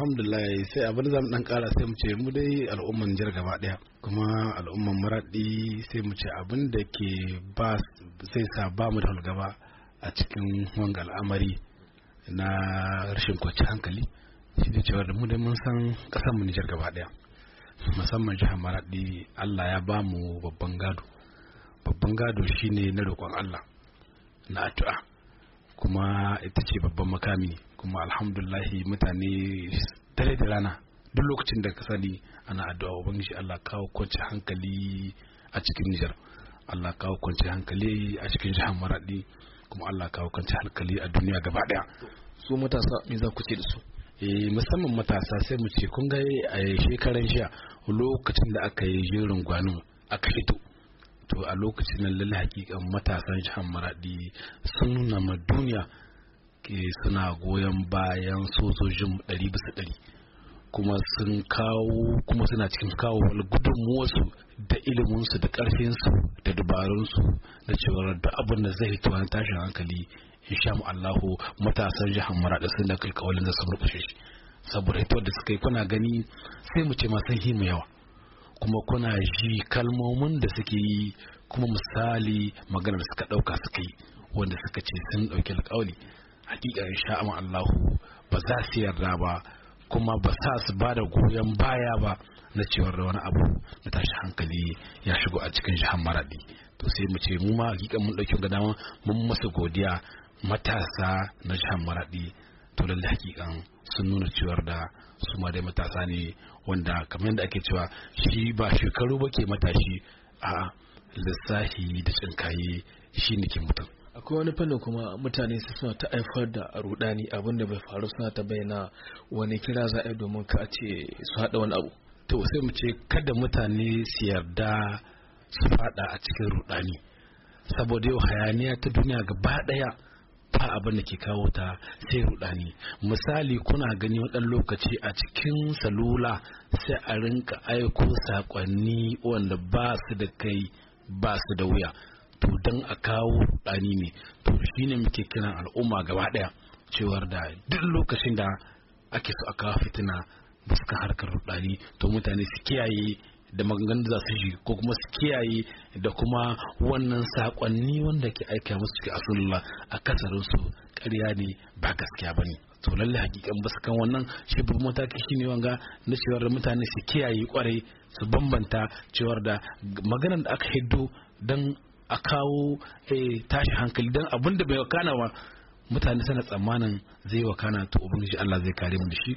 alhamdulillah sai abin zamu dan kara sai mu ce mu dai al'umman jihar gaba daya kuma al'umman maradi sai mu ce abin da ke ba sai sa ba mu da gaba a cikin wanga al'amari na rashin kwanci hankali shi da cewa da mu dai mun san kasar mu Nijar gaba daya musamman jihar maradi Allah ya ba mu babban gado babban gado shine na roƙon Allah na addu'a kuma ita ce babban makami kuma alhamdulahi mutane dare da rana duk lokacin da ka sani ana addu'a ubangiji Allah kawo kwanci hankali a cikin Nijar Allah kawo kwanci hankali a cikin jihar Maradi kuma Allah kawo kwanci hankali a duniya gaba daya su matasa me za ku ce da su eh musamman matasa sai mu ce kun ga a eh, shekaran jiya lokacin da aka yi jirin gwanin aka fito to a lokacin nan lallai hakikan matasan jihar Maradi sun nuna ma duniya suna goyon bayan sojojin ɗari bisa ɗari kuma sun kawo kuma suna cikin kawo wani gudunmuwarsu da iliminsu da ƙarfinsu da dabarunsu da cewar da abin da zai tuwa tashin hankali insha Allahu matasan jihar Maraɗa sun da kai kawalin da sun shi saboda hitowar da suka yi kuna gani sai mu ce ma sun himu yawa kuma kuna ji kalmomin da suke yi kuma misali maganar da suka ɗauka suka yi wanda suka ce sun ɗauki alƙawali hakika insha Allah ba za su yarda ba kuma ba sa su ba da goyon baya ba na cewar da wani abu na tashi hankali ya shigo a cikin jihar maradi to sai mu ce mu ma hakika mun dauki ga dama mun masa godiya matasa na jihar maradi to lalle hakikan sun nuna cewar da su ma dai matasa ne wanda kamar yadda ake cewa shi ba shekaru ba ke matashi a lissafi da tsinkaye shi ne ke mutum akwai wani fannin kuma mutane su suna ta haifar da rudani abinda bai faru suna ta bayyana wani kira za a domin ka ce su haɗa wani abu to sai mu ce kada mutane su yarda su fada a cikin rudani saboda yau hayaniya ta duniya gaba ɗaya fa abin da ke kawo ta sai rudani misali kuna gani wadan lokaci a cikin salula sai a rinka aiko sakonni wanda ba su da kai ba su da wuya to don a kawo ɗani ne to shine muke kiran al'umma gaba ɗaya cewar da duk lokacin da ake so a kawo fitina fuskan harkar rudani to mutane su kiyaye da maganganun za su ji ko kuma su kiyaye da kuma wannan sakonni wanda ke aika musu cikin asulullah a kasarin su ƙarya ne ba gaskiya ba ne to lalle hakikan ba kan wannan shi babban mataki shine wanga na cewar mutane su kiyaye kwarai su bambanta cewar da maganar da aka hiddo don a kawo eh, tashi hankali don abin da bai wakana ba mutane suna tsammanin zai wakana to ubangiji Allah zai kare mu da shi